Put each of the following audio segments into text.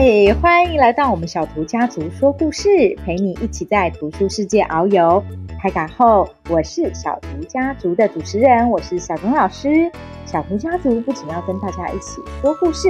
哎，hey, 歡迎來到我們小圖家族說故事，陪你一起在圖書世界遨遊。開卡後，我是小圖家族的主持人，我是小鍾老師。小圖家族不僅要跟大家一起說故事，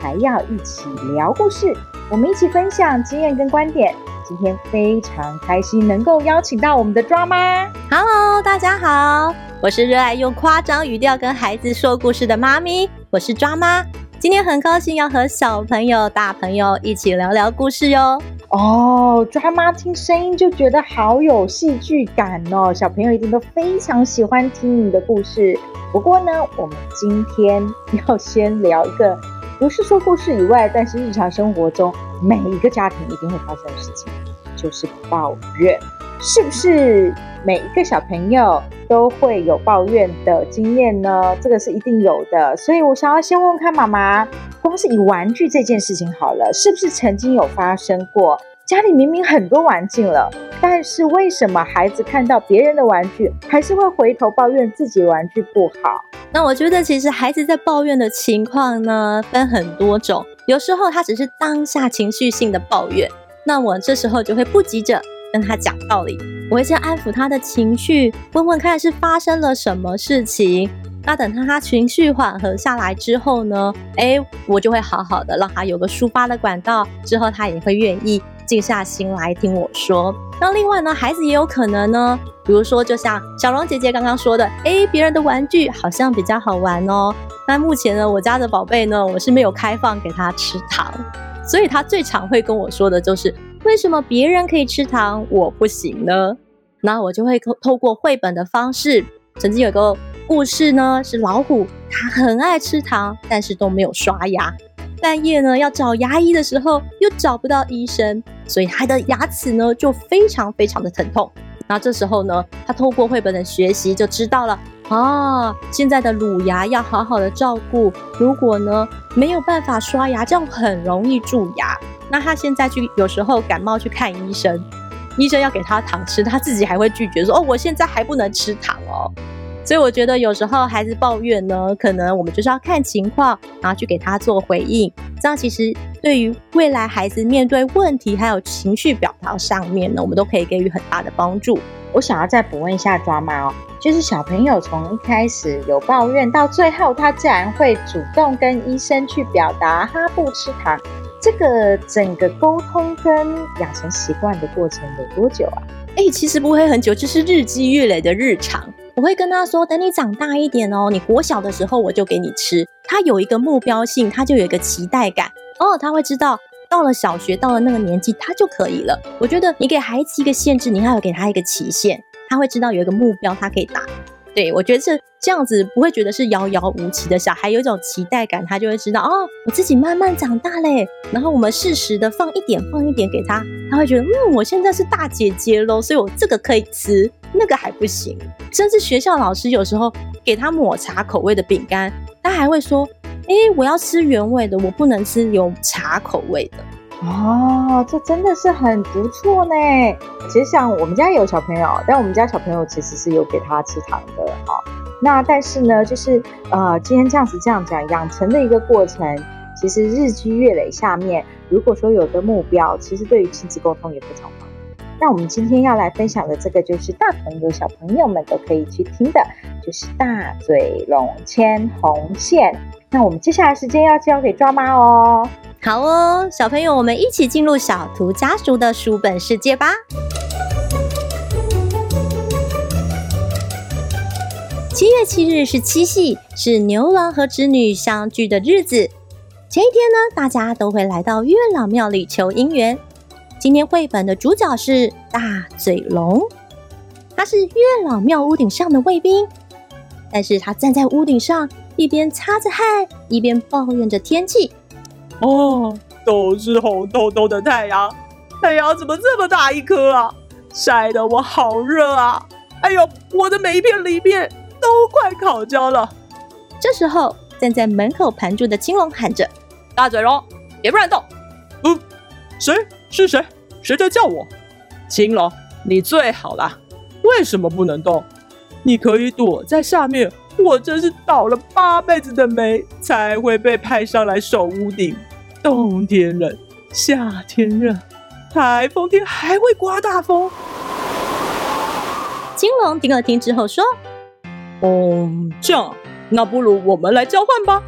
還要一起聊故事，我們一起分享經驗跟觀點。今天非常開心能夠邀請到我們的抓媽。Hello，大家好，我是熱愛用誇張語調跟孩子說故事的媽咪，我是抓媽。今天很高興要和小朋友、大朋友一起聊聊故事喲。哦，抓媽聽聲音就覺得好有戲劇感哦，小朋友一定都非常喜歡聽你的故事。不過呢，我們今天要先聊一個，不是說故事以外，但是日常生活中每一個家庭一定會發生的事情，就是抱怨。是不是每一個小朋友都會有抱怨的經驗呢？這個是一定有的。所以我想要先問問看媽媽，光是以玩具這件事情好了，是不是曾經有發生過？家裡明明很多玩具了，但是為什麼孩子看到別人的玩具，還是會回頭抱怨自己的玩具不好？那我覺得其實孩子在抱怨的情況呢，分很多種。有時候他只是當下情緒性的抱怨，那我這時候就會不急着。跟他講道理，我會先安撫他的情緒，問問看是發生了什麼事情。那等他情緒緩和下來之後呢，欸，我就會好好的讓他有個抒發的管道，之後他也會願意靜下心來聽我說。那另外呢，孩子也有可能呢，比如說就像小龍姐姐剛剛說的，欸，別人的玩具好像比較好玩哦。那目前呢，我家的寶貝呢，我是沒有開放給他吃糖，所以他最常會跟我說的就是。為什麼別人可以吃糖，我不行呢？那我就會透透過繪本的方式。曾經有一個故事呢，是老虎，它很愛吃糖，但是都沒有刷牙。半夜呢，要找牙醫的時候，又找不到醫生，所以它的牙齒呢就非常非常的疼痛。那這時候呢，它透過繪本的學習就知道了。啊，現在的乳牙要好好的照顧。如果呢沒有辦法刷牙，這樣很容易蛀牙。那他現在去有時候感冒去看醫生，醫生要給他糖吃，他自己還會拒絕說：“哦，我現在還不能吃糖哦。”所以我覺得有時候孩子抱怨呢，可能我們就是要看情況，然後去給他做回應。這樣其實對於未來孩子面對問題還有情緒表達上面呢，我們都可以給予很大的幫助。我想要再補問一下抓媽哦，就是小朋友從一開始有抱怨到最後，他自然會主動跟醫生去表達他不吃糖。這個整個溝通跟養成習慣的過程有多久啊？欸，其實不會很久，就是日積月累的日常。我會跟他說，等你長大一點哦，你國小的時候我就給你吃。他有一個目標性，他就有一個期待感哦，他會知道。到了小學，到了那個年紀，他就可以了。我覺得你給孩子一個限制，你還要給他一個期限，他會知道有一個目標，他可以達。對，我覺得這這樣子不會覺得是遙遙無期的。小孩有一種期待感，他就會知道哦，我自己慢慢長大嘞。然後我們適時的放一點，放一點給他，他會覺得嗯，我現在是大姐姐嘍，所以我這個可以吃，那個還不行。甚至學校老師有時候給他抹茶口味的餅乾，他還會說。誒、欸，我要吃原味的，我不能吃有茶口味的哦。這真的是很不錯呢。其實像我們家有小朋友，但我們家小朋友其實是有給他吃糖的哈、哦。那但是呢，就是呃，今天這樣子這樣講，養成的一個過程，其實日積月累下面，如果說有個目標，其實對於親子溝通也非常棒。那我們今天要來分享的這個，就是大朋友小朋友們都可以去聽的，就是大嘴龍牽紅線。那我們接下來時間要交給抓媽哦。好哦，小朋友，我們一起進入小圖家族的書本世界吧。七月七日是七夕，是牛郎和織女相聚的日子。前一天呢，大家都會來到月老廟裡求姻緣。今天繪本的主角是大嘴龍，他是月老廟屋頂上的衛兵，但是他站在屋頂上。一邊擦着汗，一邊抱怨着天氣。哦，都是紅彤彤的太陽，太陽怎麼這麼大一顆啊？曬得我好熱啊！哎呦，我的每一片鱗片都快烤焦了。這時候，站在門口盤住的青龍喊着：“大嘴龍，別亂動！”嗯，誰？是誰？誰在叫我？青龍，你最好啦。為什麼不能動？你可以躲在下面。我真是倒了八輩子的霉，才會被派上來守屋頂。冬天冷，夏天熱，台風天還會颳大風。金龍聽了聽之後說：“哦、嗯，這樣，那不如我們來交換吧。”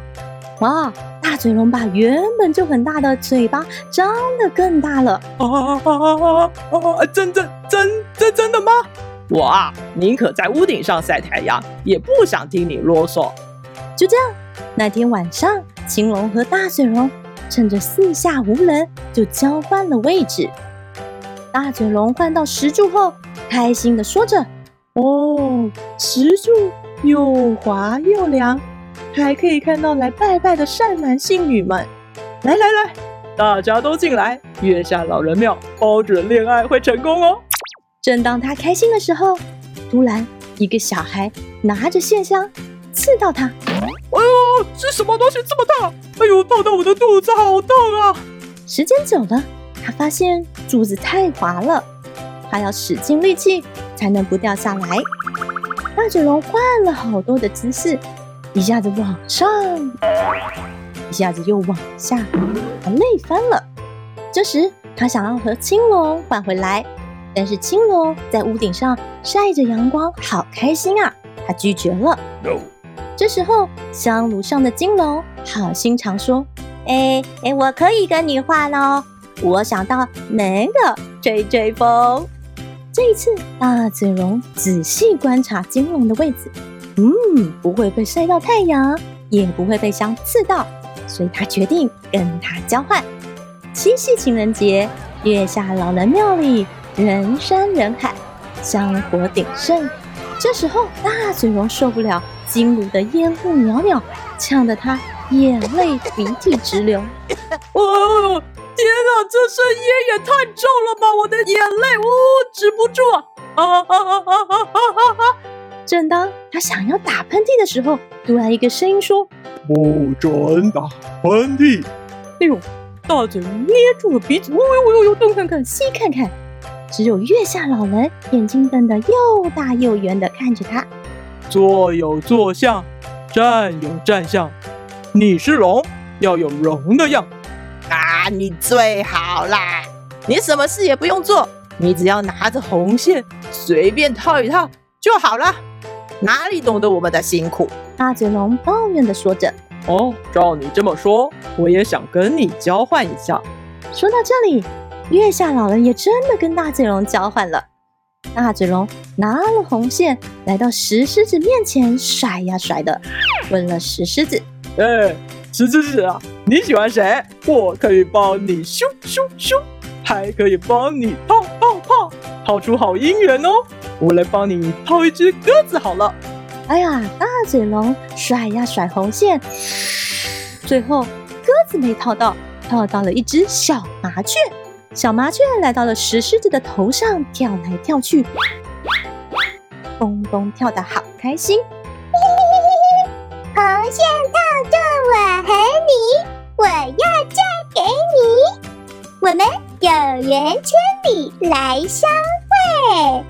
哇、啊！大嘴龍把原本就很大的嘴巴張得更大了啊，啊，啊，啊！真真真真真的嗎？我啊，寧可在屋頂上曬太陽，也不想聽你囉嗦。就這樣，那天晚上，青龍和大嘴龍趁着四下無人，就交換了位置。大嘴龍換到石柱後，開心地說着：“哦，石柱又滑又涼，還可以看到來拜拜的善男信女們。來來來，大家都進來，月下老人廟，包準戀愛會成功哦。”正當他開心的時候，突然一個小孩拿着線香刺到他。哎呦，這是什麼東西這麼大？哎呦，大到我的肚子，好痛啊！時間久了，他發現柱子太滑了，他要使盡力氣才能不掉下來。大嘴龍換了好多的姿勢，一下子往上，一下子又往下，他累翻了。這時，他想要和青龍換回來。但是青龍在屋頂上曬着陽光，好開心啊！他拒絕了。No。這時候香爐上的金龍好心腸說：“哎哎、欸欸，我可以跟你換嘍！我想到能夠吹吹風。”這一次，大嘴龍仔細觀察金龍的位置，嗯，不會被曬到太陽，也不會被香刺到，所以他決定跟他交換。七夕情人節，月下老人廟裡。人山人海，香火鼎盛。這時候，大嘴龍受不了金爐的煙霧裊裊，嗆得他眼淚鼻涕直流。哇、 哦，天吶，這聲音也太重了吧！我的眼淚，嗚、哦，止不住。啊哈哈哈哈哈哈。啊啊啊啊啊、正當他想要打噴嚏的時候，突然一個聲音說：“不准打噴嚏！”哎呦，大嘴龍捏住了鼻子。哦呦呦、哎、呦，東、哎哎、看看，西看看。只有月下老人眼睛瞪得又大又圓的看着他，坐有坐相，站有站相。你是龍，要有龍的樣。啊，你最好啦，你什麼事也不用做，你只要拿着紅線隨便套一套就好啦。哪裡懂得我們的辛苦？大嘴龍抱怨的說着。哦，照你這麼說，我也想跟你交換一下。說到這裡。月下老人也真的跟大嘴龍交換了，大嘴龍拿了紅線來到石獅子面前甩呀甩的，問了石獅子：“哎、欸，石獅子啊，你喜歡誰？我可以幫你咻咻咻，還可以幫你泡泡泡，套出好姻緣哦。我來幫你套一隻鴿子好了。”哎呀，大嘴龍甩呀甩紅線，嘶，最後鴿子沒套到，套到了一隻小麻雀。小麻雀來到了石獅子的頭上，跳來跳去，蹦蹦跳得好開心。嘿嘿嘿，紅線套住我和你，我要嫁給你，我們有緣千里來相會。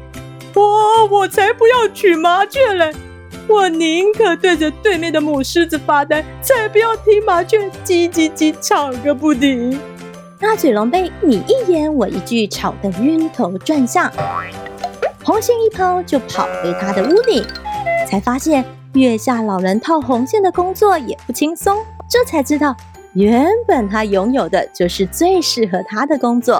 我、哦、我才不要娶麻雀嘞！我寧可對着對面的母獅子發呆，再也不要聽麻雀嘰嘰嘰吵個不停。大嘴龍被你一言我一句吵得暈頭轉向，紅線一拋就跑回他的屋裡，才發現月下老人套紅線的工作也不輕鬆，這才知道原本他擁有的就是最適合他的工作。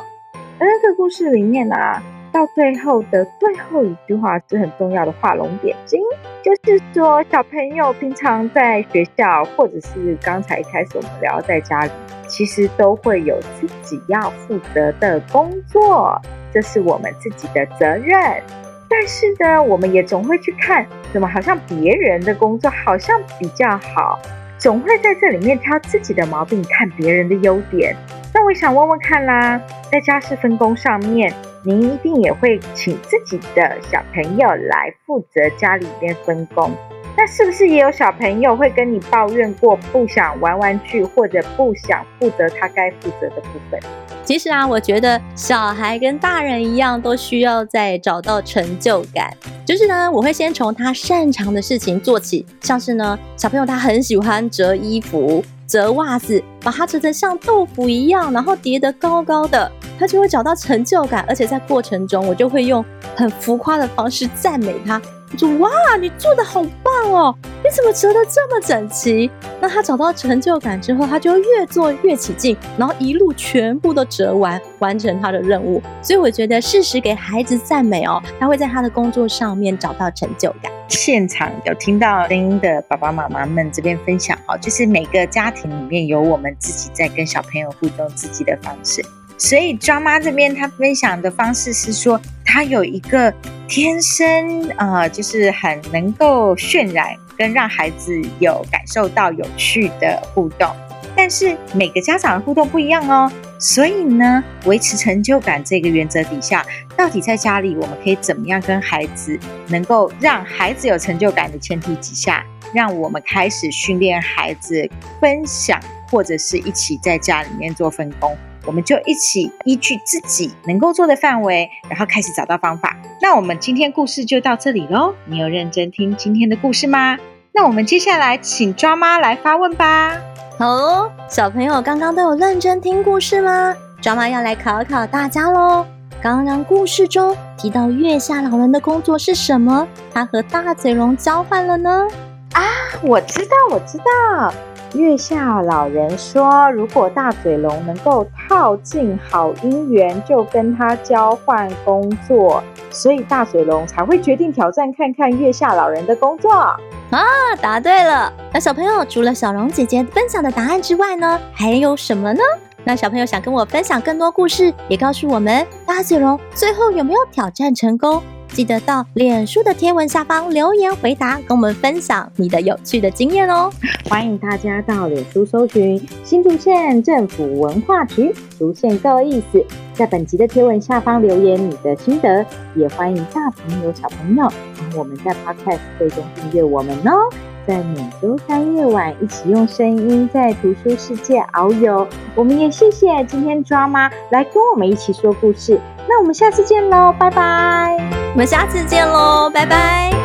哎，這個故事裡面呢、啊？到最後的最後一句話是很重要的畫龍點睛，就是說小朋友平常在學校，或者是剛才一開始我們聊在家裡，其實都會有自己要負責的工作，這是我們自己的責任。但是呢，我們也總會去看，怎麼好像別人的工作好像比較好，總會在這裡面挑自己的毛病，看別人的優點。那我想問問看啦，在家事分工上面。您一定也會請自己的小朋友來負責家裡邊分工，那是不是也有小朋友會跟你抱怨過不想玩玩具，或者不想負責他該負責的部分？其實啊，我覺得小孩跟大人一樣都需要在找到成就感。就是呢，我會先從他擅長的事情做起，像是呢，小朋友他很喜歡折衣服。摺襪子，把它摺成像豆腐一樣，然後疊得高高的，他就會找到成就感。而且在過程中，我就會用很浮誇的方式讚美他。就哇，你做的好棒哦！你怎麼折得這麼整齊？那他找到成就感之後，他就越做越起勁，然後一路全部都折完，完成他的任務。所以我覺得適時給孩子讚美哦，他會在他的工作上面找到成就感。現場有聽到丁的爸爸媽媽們這邊分享哦，就是每個家庭裡面有我們自己在跟小朋友互動自己的方式，所以，抓媽這邊她分享的方式是說，她有一個天生，呃，就是很能夠渲染跟讓孩子有感受到有趣的互動。但是每個家長的互動不一樣哦，所以呢，維持成就感這個原則底下，到底在家裡我們可以怎麼樣跟孩子，能夠讓孩子有成就感的前提之下，讓我們開始訓練孩子分享，或者是一起在家裡面做分工。我們就一起依據自己能夠做的範圍，然後開始找到方法。那我們今天故事就到這裡嘍。你有認真聽今天的故事嗎？那我們接下來請抓媽來發問吧。好，哦，小朋友，剛剛都有認真聽故事嗎？抓媽要來考考大家嘍。剛剛故事中提到月下老人的工作是什麼？他和大嘴龍交換了呢？啊，我知道，我知道。月下老人說：“如果大嘴龍能夠套進好姻緣，就跟他交換工作，所以大嘴龍才會決定挑戰看看月下老人的工作啊！”答對了。那小朋友除了小蓉姐姐分享的答案之外呢，還有什麼呢？那小朋友想跟我分享更多故事，也告訴我們大嘴龍最後有沒有挑戰成功。記得到臉書的貼文下方留言回答，跟我們分享你的有趣的經驗哦。歡迎大家到臉書搜尋新竹縣政府文化局，竹縣夠意思，在本集的貼文下方留言你的心得，也歡迎大朋友小朋友幫我們在 Podcast 被動訂閱我們哦。在每周三夜晚，一起用聲音在圖書世界遨遊。我們也謝謝今天抓媽來跟我們一起說故事。那我們下次見嘍，拜拜。我們下次見嘍，拜拜。